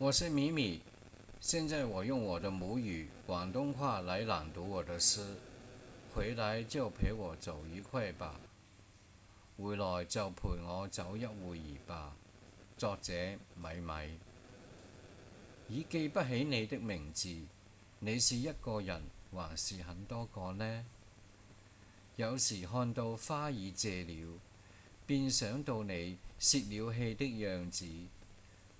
我是米米，現在我用我的母語廣東話來朗讀我的詩，回來就陪我走一會吧。回來就陪我走一會兒吧。作者米米。已記不起你的名字，你是一個人還是很多個呢？有時看到花已謝了，便想到你泄了氣的樣子。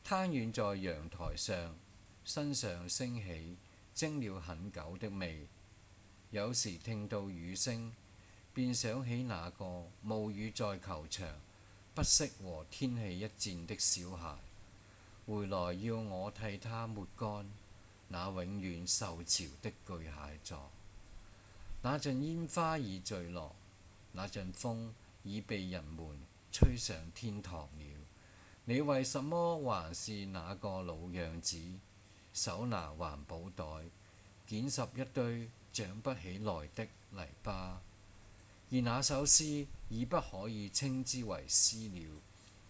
癱軟在陽台上，身上升起蒸了很久的味。有時聽到雨聲，便想起那個冒雨在球場不惜和天氣一戰的小孩。回來要我替他抹乾那永遠受潮的巨蟹座。那陣煙花已墜落，那陣風已被人們吹上天堂了。你為什麼還是那個老樣子？手拿環保袋，撿拾一堆長不起來的泥巴。而那首詩已不可以稱之為詩了。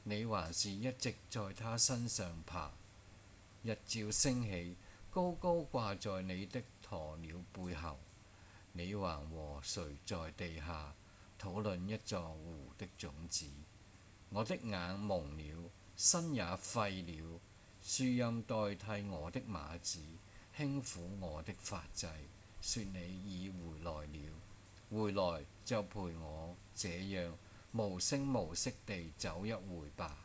你還是一直在它身上趴。日照升起，高高掛在你的鴕鳥背後。你還和誰在地下討論一座湖的種子？我的眼朦了，身也廢了，樹蔭代替我的馬子，輕撫我的髮際，說你已回來了，回來就陪我這樣無聲無息地走一回吧。